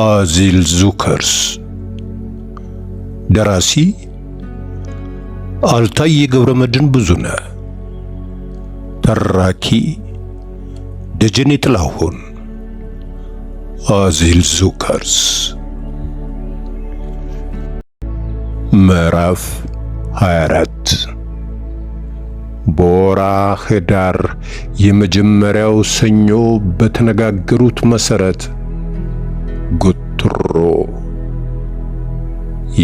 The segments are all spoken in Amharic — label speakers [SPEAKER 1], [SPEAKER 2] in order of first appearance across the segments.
[SPEAKER 1] አዚል ዙከርስ ደራሲ አልታይ የገብረመድህን ብዙነህ ተራኪ ደጀኔ ጥላሁን አዚል ዙከርስ ምዕራፍ 24 በወራ ህዳር የመጀመሪያው ሰኞ በተነጋገሩት መሰረት።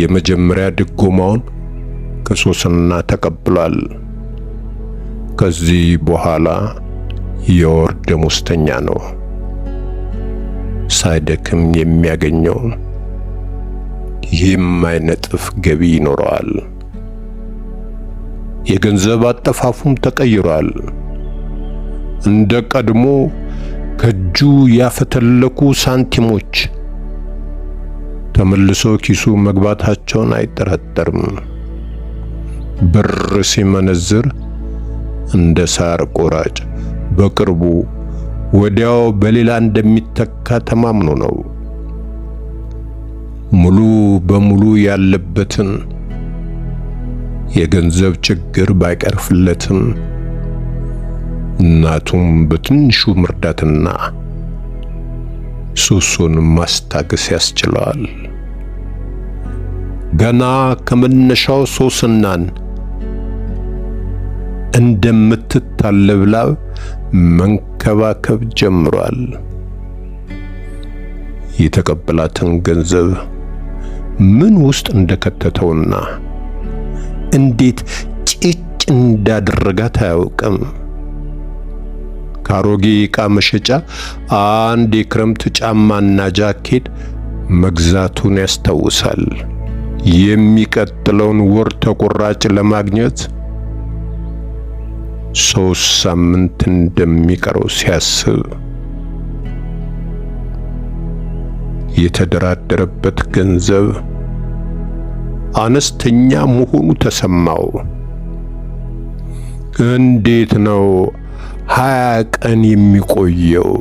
[SPEAKER 1] የመጀመሪያ ድጎማውን ከሶስና ተቀብሏል። ከዚህ በኋላ የወር ደሞዝተኛ ነው። ሳይደክም የሚያገኘው የማይነጥፍ ገቢ ይኖረዋል። የገንዘብ አጠፋፉም ተቀይሯል። እንደ ቀድሞ ከእጁ ያፈተለኩ ሳንቲሞች ተመልሶ ኪሱ መግባታቸውን አይጠራጠርም። ብር ሲመነዝር እንደ ሳር ቆራጭ በቅርቡ ወዲያው በሌላ እንደሚተካ ተማምኖ ነው። ሙሉ በሙሉ ያለበትን የገንዘብ ችግር ባይቀርፍለትም እናቱም በትንሹ ምርዳትና ሱሱን ማስታገስ ያስችለዋል። ገና ከመነሻው ሶስናን እንደምትታለብ ላም መንከባከብ ጀምሯል። የተቀበላትን ገንዘብ ምን ውስጥ እንደከተተውና እንዴት ጭጭ እንዳደረጋት አያውቅም። ከአሮጌ ዕቃ መሸጫ አንድ የክረምት ጫማና ጃኬት መግዛቱን ያስታውሳል። የሚቀጥለውን ወር ተቆራጭ ለማግኘት ሶስት ሳምንት እንደሚቀረው ሲያስብ የተደራደረበት ገንዘብ አነስተኛ መሆኑ ተሰማው። እንዴት ነው ሀያ ቀን የሚቆየው?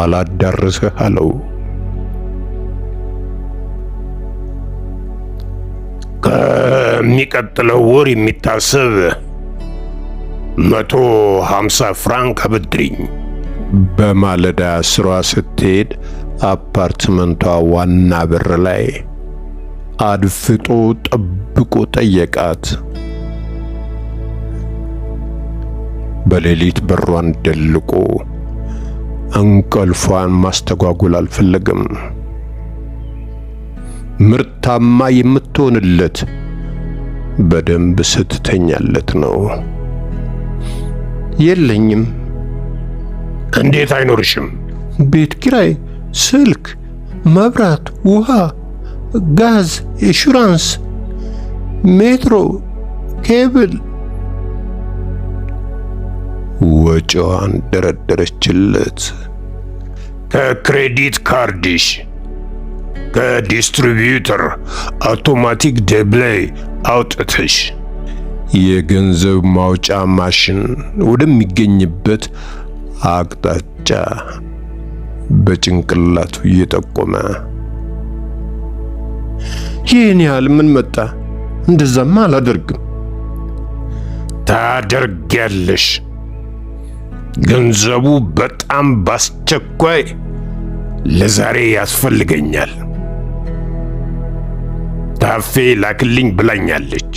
[SPEAKER 1] አላዳርሰህ አለው።
[SPEAKER 2] ከሚቀጥለው ወር የሚታሰብ መቶ ሃምሳ ፍራንክ አበድሪኝ። በማለዳ
[SPEAKER 1] ስሯ ስትሄድ አፓርትመንቷ ዋና በር ላይ አድፍጦ ጠብቆ ጠየቃት። በሌሊት በሯን ደልቆ እንቅልፏን ማስተጓጎል አልፈለግም። ምርታማ የምትሆንለት በደንብ ስትተኛለት ነው።
[SPEAKER 2] የለኝም። እንዴት አይኖርሽም?
[SPEAKER 1] ቤት ኪራይ፣ ስልክ፣ መብራት፣ ውሃ፣ ጋዝ፣ ኢንሹራንስ፣ ሜትሮ፣ ኬብል ወጪዋን ደረደረችለት።
[SPEAKER 2] ከክሬዲት ካርድሽ ከዲስትሪቢዩተር አውቶማቲክ ደብላይ አውጥተሽ
[SPEAKER 1] የገንዘብ ማውጫ ማሽን ወደሚገኝበት አቅጣጫ በጭንቅላቱ እየጠቆመ ይህን ያህል ምን መጣ? እንደዛማ አላደርግም።
[SPEAKER 2] ታደርጊያለሽ። ገንዘቡ በጣም ባስቸኳይ ለዛሬ ያስፈልገኛል። ዛፌ ላክልኝ ብላኛለች።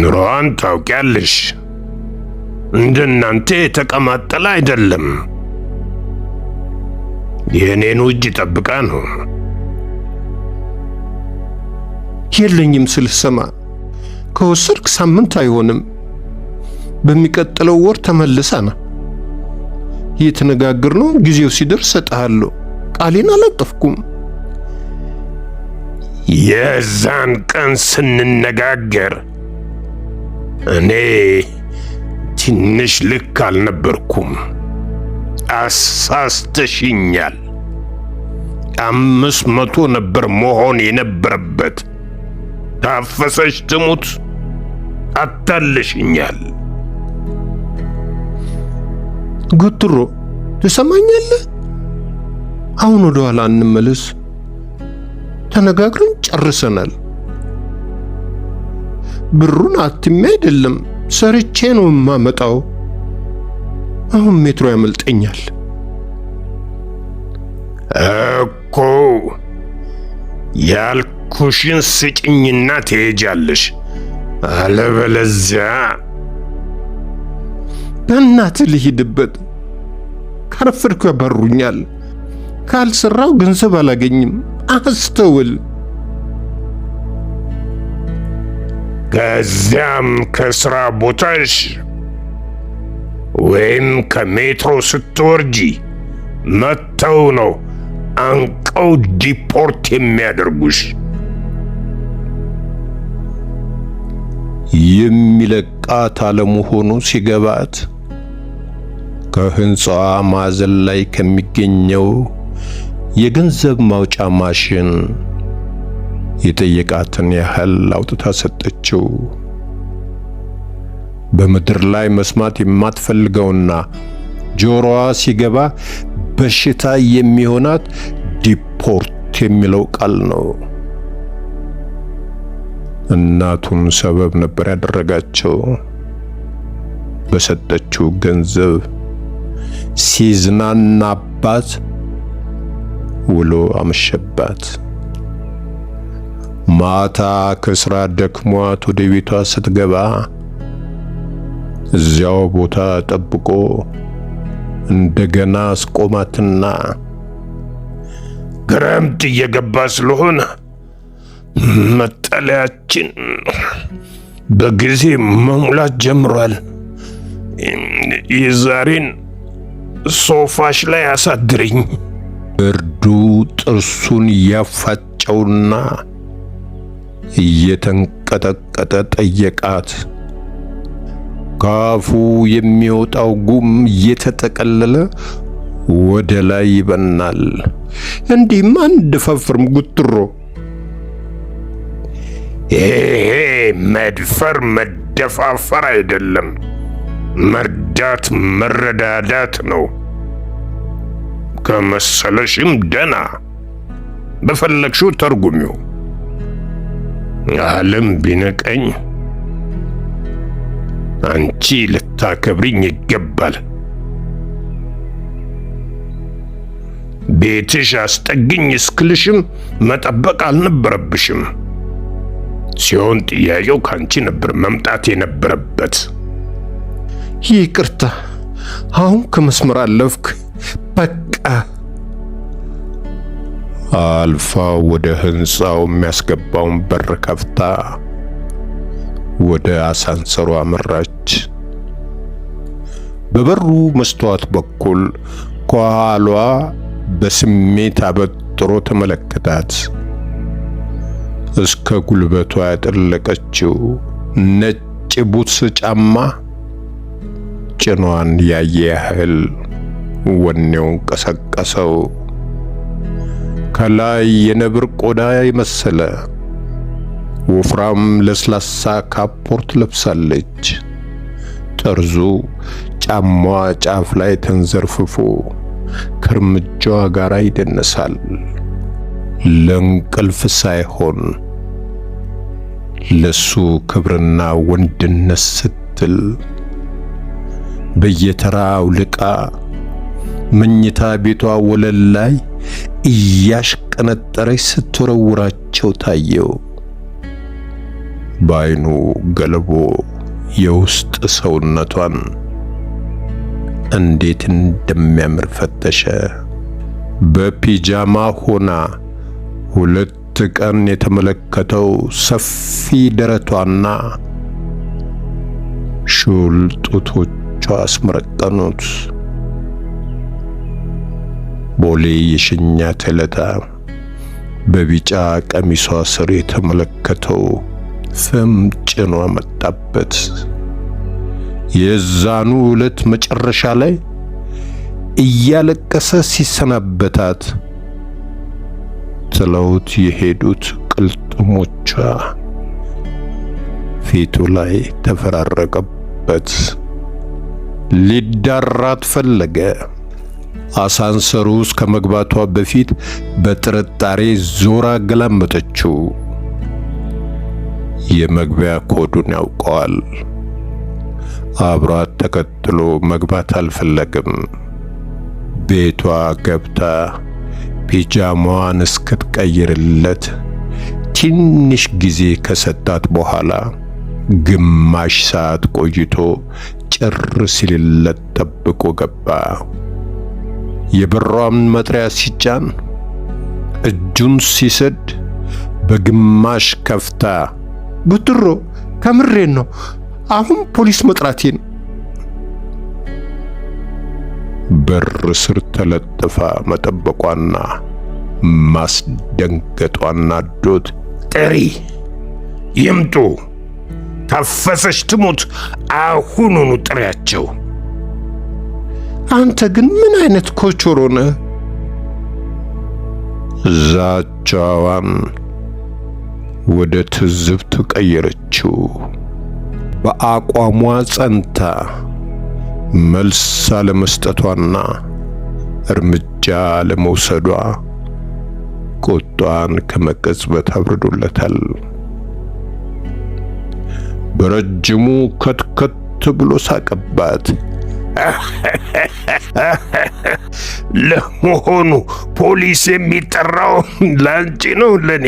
[SPEAKER 2] ኑሮዋን ታውቂያለሽ። እንደናንተ የተቀማጠለ አይደለም። የእኔኑ እጅ ጠብቃ ነው።
[SPEAKER 1] የለኝም ስልሰማ ሰማ፣ ከወሰድክ ሳምንት አይሆንም። በሚቀጥለው ወር ተመልሰና ነው ጊዜው ሲደርስ ሰጠሃለሁ። ቃሌን አላጠፍኩም።
[SPEAKER 2] የዛን ቀን ስንነጋገር እኔ ትንሽ ልክ አልነበርኩም። አሳስተሽኛል። አምስት መቶ ነበር መሆን የነበረበት። ታፈሰሽ ትሙት፣ አታለሽኛል። ጉትሮ
[SPEAKER 1] ትሰማኛለህ? አሁን ወደ ኋላ እንመለስ። ተነጋግረን ጨርሰናል። ብሩን አትሜ አይደለም ሰርቼ ነው የማመጣው። አሁን ሜትሮ ያመልጠኛል
[SPEAKER 2] እኮ ያልኩሽን ስጭኝና ትሄጃለሽ፣ አለበለዚያ በእናት ልሂድበት።
[SPEAKER 1] ካረፈድኩ ያባሩኛል። ካልሰራው ገንዘብ አላገኝም። አስተውል።
[SPEAKER 2] ከዚያም ከሥራ ቦታሽ ወይም ከሜትሮ ስትወርጂ መጥተው ነው አንቀው ዲፖርት የሚያደርጉሽ።
[SPEAKER 1] የሚለቃት አለመሆኑ ሲገባት ከሕንፃዋ ማዕዘን ላይ ከሚገኘው የገንዘብ ማውጫ ማሽን የጠየቃትን ያህል አውጥታ ሰጠችው። በምድር ላይ መስማት የማትፈልገውና ጆሮዋ ሲገባ በሽታ የሚሆናት ዲፖርት የሚለው ቃል ነው። እናቱን ሰበብ ነበር ያደረጋቸው። በሰጠችው ገንዘብ ሲዝናናባት ውሎ አመሸባት። ማታ ከስራ ደክሟት ወደ ቤቷ ስትገባ እዚያው ቦታ ጠብቆ እንደገና አስቆማትና
[SPEAKER 2] ግረምት እየገባ ስለሆነ መጠለያችን በጊዜ መሙላት ጀምሯል። የዛሬን ሶፋሽ ላይ አሳድርኝ።
[SPEAKER 1] ብርዱ ጥርሱን ያፋጨውና እየተንቀጠቀጠ ጠየቃት። ከአፉ የሚወጣው ጉም እየተጠቀለለ ወደ ላይ ይበናል። እንዲህም ፈፍርም ጉትሮ
[SPEAKER 2] ይሄ መድፈር መደፋፈር አይደለም፣ መርዳት መረዳዳት ነው። ከመሰለሽም ደና በፈለግሽው ተርጉሚው። ዓለም ቢንቀኝ አንቺ ልታከብሪኝ ይገባል። ቤትሽ አስጠግኝ እስክልሽም መጠበቅ አልነበረብሽም። ሲሆን ጥያቄው ከአንቺ ነበር መምጣት የነበረበት።
[SPEAKER 1] ይቅርታ፣ አሁን ከመስመር አለፍክ። በቃ አልፋ ወደ ህንፃው የሚያስገባውን በር ከፍታ ወደ አሳንሰሩ አመራች። በበሩ መስተዋት በኩል ከኋሏ በስሜት አበጥሮ ተመለከታት። እስከ ጉልበቷ ያጠለቀችው ነጭ ቡትስ ጫማ ጭኗን ያየ ያህል ወኔውን ቀሰቀሰው። ከላይ የነብር ቆዳ የመሰለ ወፍራም ለስላሳ ካፖርት ለብሳለች። ጠርዙ ጫማዋ ጫፍ ላይ ተንዘርፍፎ ከእርምጃዋ ጋር ይደነሳል። ለእንቅልፍ ሳይሆን ለሱ ክብርና ወንድነት ስትል በየተራ አውልቃ መኝታ ቤቷ ወለል ላይ እያሽቀነጠረች ስትወረውራቸው ታየው። በአይኑ ገለቦ የውስጥ ሰውነቷን እንዴት እንደሚያምር ፈተሸ። በፒጃማ ሆና ሁለት ቀን የተመለከተው ሰፊ ደረቷና ሹል ጡቶቿ አስመረቀኑት። ቦሌ የሸኛት ተለታ በቢጫ ቀሚሷ ስር የተመለከተው ፍም ጭኗ መጣበት። የዛኑ ዕለት መጨረሻ ላይ እያለቀሰ ሲሰናበታት ጥለውት የሄዱት ቅልጥሞቿ ፊቱ ላይ ተፈራረቀበት። ሊዳራት ፈለገ። አሳንሰሩ ውስጥ ከመግባቷ በፊት በጥርጣሬ ዞር አገላመጠችው። የመግቢያ ኮዱን ያውቀዋል። አብሯት ተከትሎ መግባት አልፈለግም። ቤቷ ገብታ ፒጃማዋን እስክትቀይርለት ትንሽ ጊዜ ከሰጣት በኋላ ግማሽ ሰዓት ቆይቶ ጭር ሲልለት ጠብቆ ገባ። የብሯም መጥሪያ ሲጫን እጁን ሲስድ በግማሽ ከፍታ
[SPEAKER 2] ብትሮ ከምሬን ነው
[SPEAKER 1] አሁን ፖሊስ መጥራቴን በር ስር ተለጥፋ መጠበቋና ማስደንገጧና
[SPEAKER 2] ዶት ጥሪ ይምጡ ታፈሰች ትሙት አሁኑኑ ጥሪያቸው
[SPEAKER 1] አንተ ግን ምን አይነት ኮቾሮ ነህ? ዛቻዋን ወደ ትዝብት ቀየረችው። በአቋሟ ጸንታ መልስ አለመስጠቷና እርምጃ ለመውሰዷ ቁጧን ከመቀጽበት አብርዶለታል። በረጅሙ ከትከት ብሎ ሳቀባት።
[SPEAKER 2] ለመሆኑ ፖሊስ የሚጠራው ለአንቺ ነው ለኔ?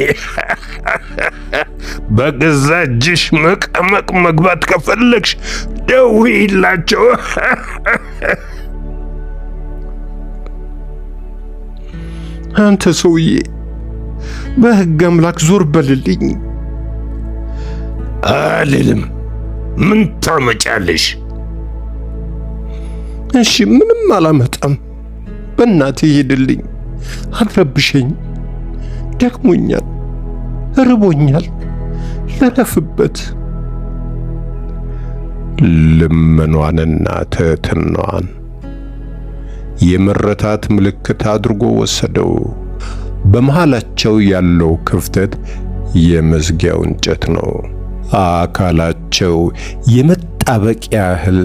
[SPEAKER 2] በገዛ እጅሽ መቀመቅ መግባት ከፈለግሽ ደውይላቸው።
[SPEAKER 1] አንተ ሰውዬ በሕግ አምላክ ዞር በልልኝ።
[SPEAKER 2] አልልም። ምን ታመጫለሽ?
[SPEAKER 1] እሺ፣ ምንም አላመጣም። በእናት ሄድልኝ፣ አትረብሸኝ። ደክሞኛል፣ ርቦኛል፣ ልመኗን ልመኗንና ትህትናዋን የመረታት ምልክት አድርጎ ወሰደው። በመሃላቸው ያለው ክፍተት የመዝጊያው እንጨት ነው። አካላቸው የመጣበቅ ያህል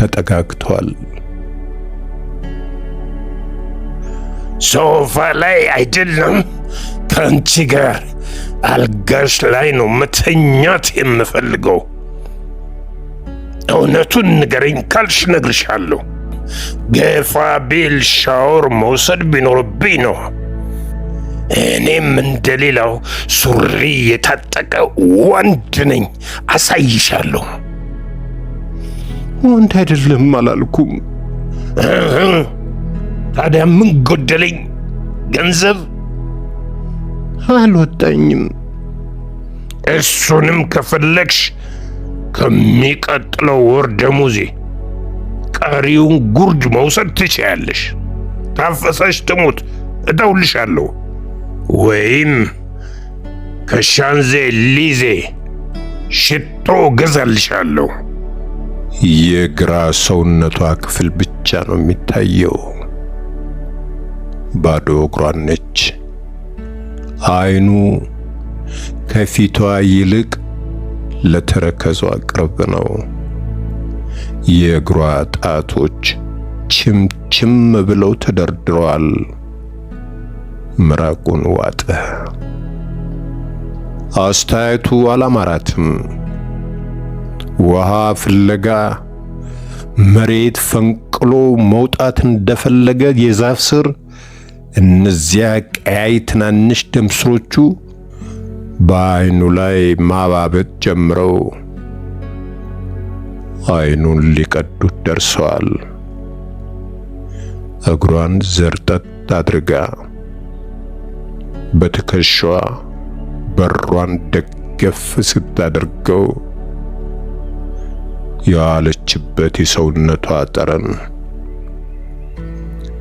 [SPEAKER 1] ተጠጋግቷል።
[SPEAKER 2] ሶፋ ላይ አይደለም ከአንቺ ጋር አልጋሽ ላይ ነው መተኛት የምፈልገው። እውነቱን ንገረኝ ካልሽ ነግርሻለሁ። ገፋ ቢል ሻወር መውሰድ ቢኖርብኝ ነው። እኔም እንደሌላው ሱሪ የታጠቀ ወንድ ነኝ። አሳይሻለሁ። ወንድ አይደለም አላልኩም። ታዲያ ምን ጎደለኝ? ገንዘብ አልወጣኝም። እሱንም ከፈለግሽ ከሚቀጥለው ወር ደሞዜ ቀሪውን ጉርድ መውሰድ ትችያለሽ። ታፈሰሽ ትሙት እደውልሻለሁ፣ ወይም ከሻንዜ ሊዜ ሽቶ ገዛልሻለሁ።
[SPEAKER 1] የግራ ሰውነቷ ክፍል ብቻ ነው የሚታየው። ባዶ እግሯን ነች። አይኑ ከፊቷ ይልቅ ለተረከዟ ቅርብ ነው። የእግሯ ጣቶች ችምችም ብለው ተደርድረዋል። ምራቁን ዋጠ። አስተያየቱ አላማራትም። ውሃ ፍለጋ መሬት ፈንቅሎ መውጣት እንደፈለገ የዛፍ ስር እነዚያ ቀያይ ትናንሽ ደም ስሮቹ ላይ ማባበጥ ጀምረው አይኑን ሊቀዱት ደርሰዋል። እግሯን ዘርጠጥ አድርጋ በትከሻዋ በሯን ደገፍ ስታደርገው የዋለችበት የሰውነቷ ጠረን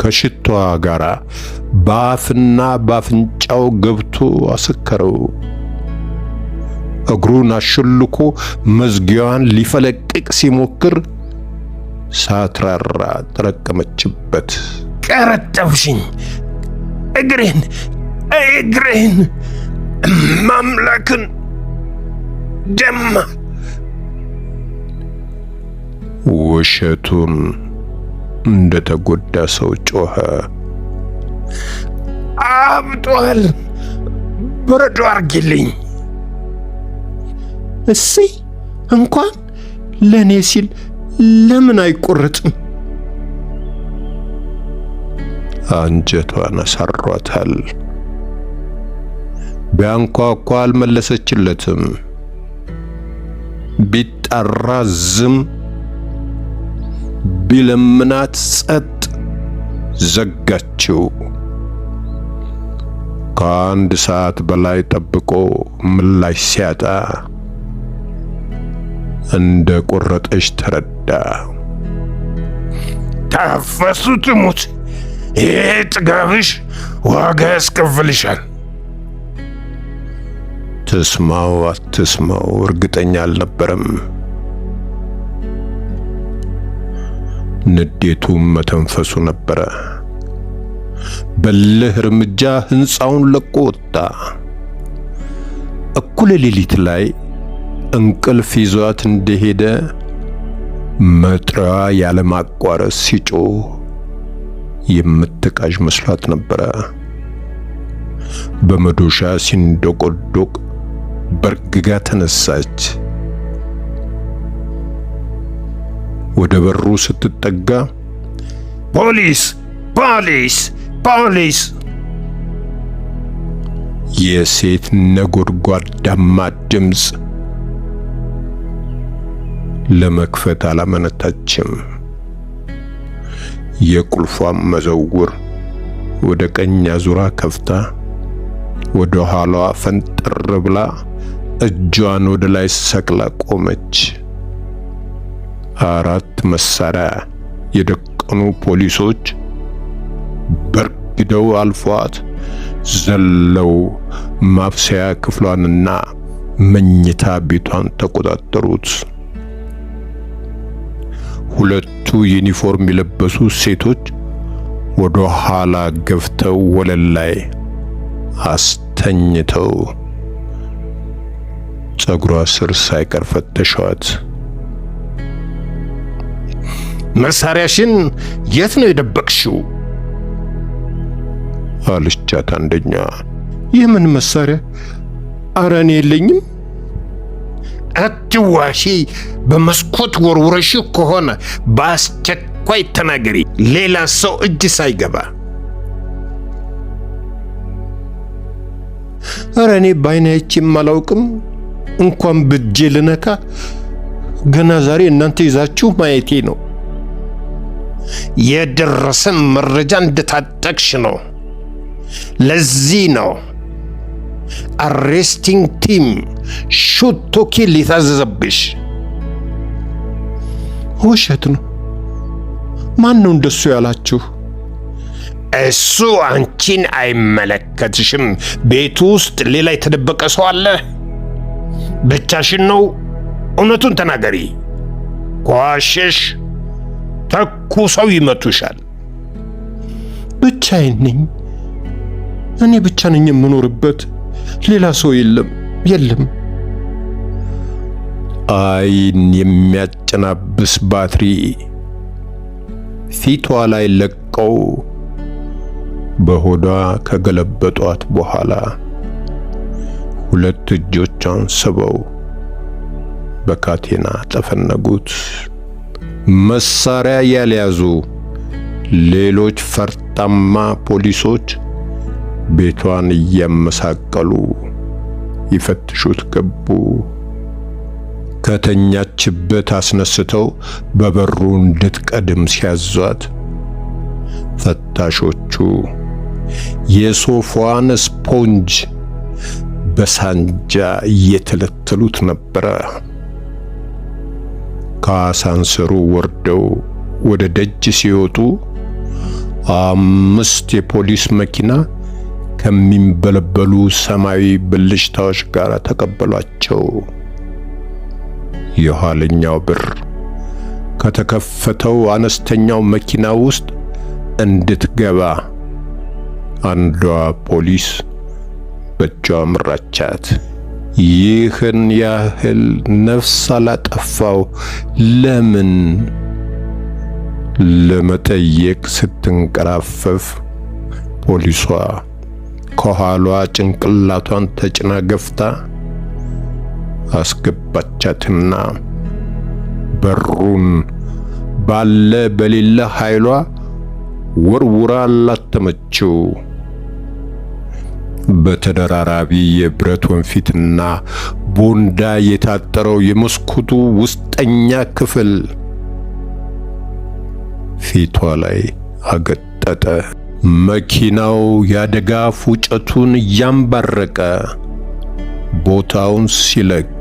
[SPEAKER 1] ከሽቷ ጋር በአፍና በአፍንጫው ገብቶ አሰከረው። እግሩን አሽልኮ መዝጊያዋን ሊፈለቅቅ ሲሞክር ሳትራራ ተረቀመችበት።
[SPEAKER 2] ቀረጠብሽኝ! እግሬን እግሬን! ማምላክን ደማ
[SPEAKER 1] ውሸቱን እንደተጎዳ ሰው ጮኸ።
[SPEAKER 2] አብጧል፣ በረዶ አርጊልኝ። እሰይ
[SPEAKER 1] እንኳን ለእኔ ሲል ለምን አይቆረጥም? አንጀቷን አሳሯታል። ቢያንኳኳ አልመለሰችለትም። ቢጠራ ዝም ቢለምናት ጸጥ ዘጋችው። ከአንድ ሰዓት በላይ ጠብቆ ምላሽ ሲያጣ እንደ ቆረጠች
[SPEAKER 2] ተረዳ። ታፈሱ ትሙት፣ ይሄ ጥጋብሽ ዋጋ ያስከፍልሻል።
[SPEAKER 1] ትስማው አትስማው እርግጠኛ አልነበረም። ንዴቱም መተንፈሱ ነበረ። በልህ እርምጃ ሕንፃውን ለቆ ወጣ። እኩለ ሌሊት ላይ እንቅልፍ ይዟት እንደሄደ መጥሪያዋ ያለማቋረጥ ሲጮህ የምትቃዥ መስሏት ነበረ። በመዶሻ ሲንዶቆዶቅ በርግጋ ተነሳች። ወደ በሩ ስትጠጋ
[SPEAKER 2] ፖሊስ ፖሊስ ፖሊስ
[SPEAKER 1] የሴት ነጎድጓዳማ ድምፅ ለመክፈት አላመነታችም። የቁልፏም መዘውር ወደ ቀኝ አዙራ ከፍታ ወደ ኋላዋ ፈንጠር ብላ እጇን ወደ ላይ ሰቅላ ቆመች። አራት መሳሪያ የደቀኑ ፖሊሶች በርግደው አልፏት ዘለው ማብሰያ ክፍሏንና መኝታ ቤቷን ተቆጣጠሩት። ሁለቱ ዩኒፎርም የለበሱ ሴቶች ወደ ኋላ ገፍተው ወለል ላይ አስተኝተው ጸጉሯ ስር ሳይቀር ፈተሿት። መሳሪያሽን የት ነው የደበቅሽው? አልቻት አንደኛ ይህ ምን መሳሪያ?
[SPEAKER 2] አረ እኔ የለኝም። አትዋሺ። በመስኮት ወርውረሽ ከሆነ በአስቸኳይ ተናገሪ፣ ሌላ ሰው እጅ ሳይገባ።
[SPEAKER 1] አረ እኔ ባይናይቼም አላውቅም። እንኳን ብጄ ልነካ ገና ዛሬ
[SPEAKER 2] እናንተ ይዛችሁ ማየቴ ነው። የደረሰን መረጃ እንደታጠቅሽ ነው። ለዚህ ነው አሬስቲንግ ቲም ሹቶኪ ኪል የታዘዘብሽ።
[SPEAKER 1] ውሸት ነው። ማን ነው እንደሱ ያላችሁ?
[SPEAKER 2] እሱ አንቺን አይመለከትሽም። ቤቱ ውስጥ ሌላ የተደበቀ ሰው አለ። ብቻሽን ነው። እውነቱን ተናገሪ። ኳሸሽ ተኩሰው ይመቱሻል።
[SPEAKER 1] ብቻዬን ነኝ። እኔ ብቻ ነኝ የምኖርበት፣ ሌላ ሰው የለም የለም። አይን የሚያጨናብስ ባትሪ ፊቷ ላይ ለቀው በሆዷ ከገለበጧት በኋላ ሁለት እጆቿን ስበው በካቴና ተፈነጉት። መሳሪያ ያልያዙ ሌሎች ፈርጣማ ፖሊሶች ቤቷን እያመሳቀሉ ይፈትሹት ገቡ። ከተኛችበት አስነስተው በበሩ እንድትቀድም ሲያዟት ፈታሾቹ የሶፋዋን ስፖንጅ በሳንጃ እየተለተሉት ነበረ። ሳንሰሩ ወርደው ወደ ደጅ ሲወጡ አምስት የፖሊስ መኪና ከሚንበለበሉ ሰማያዊ ብልጭታዎች ጋር ተቀበሏቸው። የኋለኛው ብር ከተከፈተው አነስተኛው መኪና ውስጥ እንድትገባ አንዷ ፖሊስ በእጇ ምራቻት። ይህን ያህል ነፍስ አላጠፋው ለምን ለመጠየቅ ስትንቀራፈፍ ፖሊሷ ከኋሏ ጭንቅላቷን ተጭና ገፍታ አስገባቻትና በሩን ባለ በሌለ ኃይሏ ወርውራ አላተመችው። በተደራራቢ የብረት ወንፊትና ቦንዳ የታጠረው የመስኮቱ ውስጠኛ ክፍል ፊቷ ላይ አገጠጠ። መኪናው የአደጋ ፉጨቱን እያንባረቀ ቦታውን ሲለቅ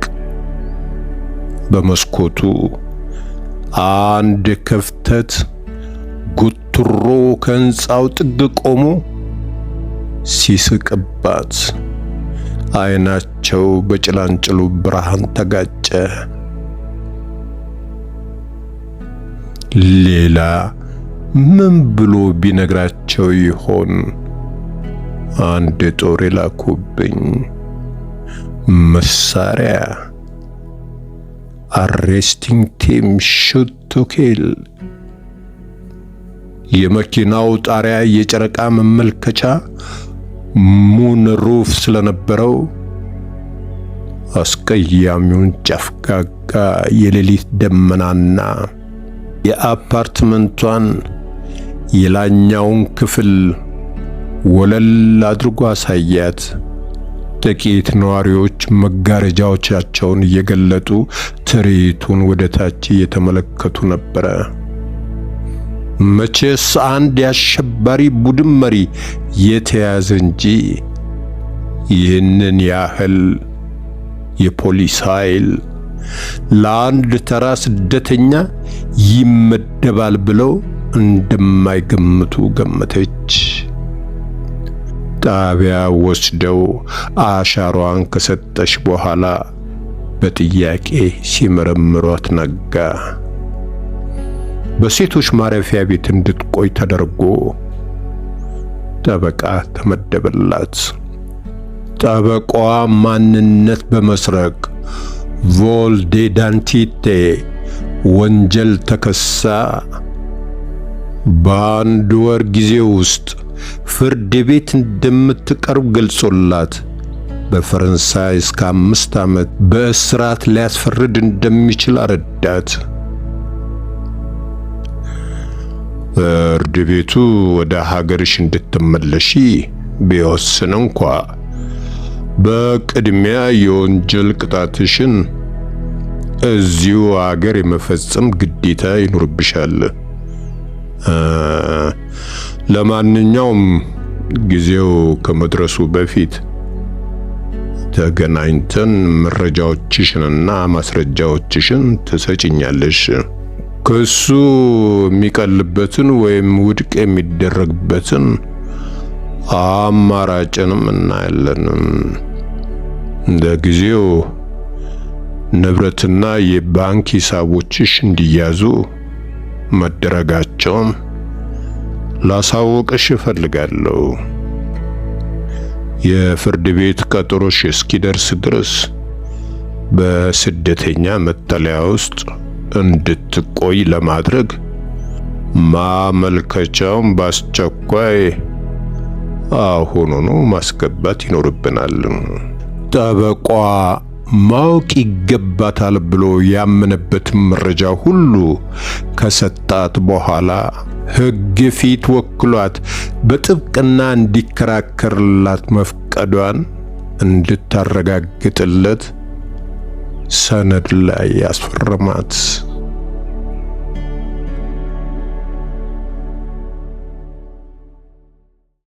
[SPEAKER 1] በመስኮቱ አንድ ክፍተት ጉትሮ ከሕንፃው ጥግ ቆሞ ሲስቅባት አይናቸው በጭላንጭሉ ብርሃን ተጋጨ። ሌላ ምን ብሎ ቢነግራቸው ይሆን? አንድ ጦር የላኩብኝ መሳሪያ አሬስቲንግ ቲም ሹት ቱ ኪል። የመኪናው ጣሪያ የጨረቃ መመልከቻ ሙን ሩፍ ስለነበረው አስቀያሚውን ጨፍጋጋ የሌሊት ደመናና የአፓርትመንቷን የላኛውን ክፍል ወለል አድርጎ አሳያት። ጥቂት ነዋሪዎች መጋረጃዎቻቸውን እየገለጡ ትርኢቱን ወደ ታች እየተመለከቱ ነበረ። መቼስ አንድ የአሸባሪ ቡድን መሪ የተያዘ እንጂ ይህንን ያህል የፖሊስ ኃይል ለአንድ ተራ ስደተኛ ይመደባል ብለው እንደማይገምቱ ገመተች። ጣቢያ ወስደው አሻሯን ከሰጠች በኋላ በጥያቄ ሲመረምሯት ነጋ። በሴቶች ማረፊያ ቤት እንድትቆይ ተደርጎ ጠበቃ ተመደበላት። ጠበቋ ማንነት በመስረቅ ቮልዴ ዳንቲቴ ወንጀል ተከሳ። በአንድ ወር ጊዜ ውስጥ ፍርድ ቤት እንደምትቀርብ ገልጾላት በፈረንሳይ እስከ አምስት ዓመት በእስራት ሊያስፈርድ እንደሚችል አረዳት። ፍርድ ቤቱ ወደ ሀገርሽ እንድትመለሺ ቢወስን እንኳ በቅድሚያ የወንጀል ቅጣትሽን እዚሁ ሀገር የመፈጸም ግዴታ ይኖርብሻል። ለማንኛውም ጊዜው ከመድረሱ በፊት ተገናኝተን መረጃዎችሽንና ማስረጃዎችሽን ትሰጭኛለሽ። ከሱ የሚቀልበትን ወይም ውድቅ የሚደረግበትን አማራጭንም እናያለን። እንደ ጊዜው ንብረትና የባንክ ሂሳቦችሽ እንዲያዙ መደረጋቸውም ላሳወቅሽ እፈልጋለሁ። የፍርድ ቤት ቀጠሮሽ እስኪደርስ ድረስ በስደተኛ መጠለያ ውስጥ እንድትቆይ ለማድረግ ማመልከቻውን በአስቸኳይ አሁኑኑ ማስገባት ይኖርብናል። ጠበቋ ማወቅ ይገባታል ብሎ ያመነበትን መረጃ ሁሉ ከሰጣት በኋላ ሕግ ፊት ወክሏት በጥብቅና እንዲከራከርላት መፍቀዷን እንድታረጋግጥለት ሰነድ ላይ ያስፈርማት።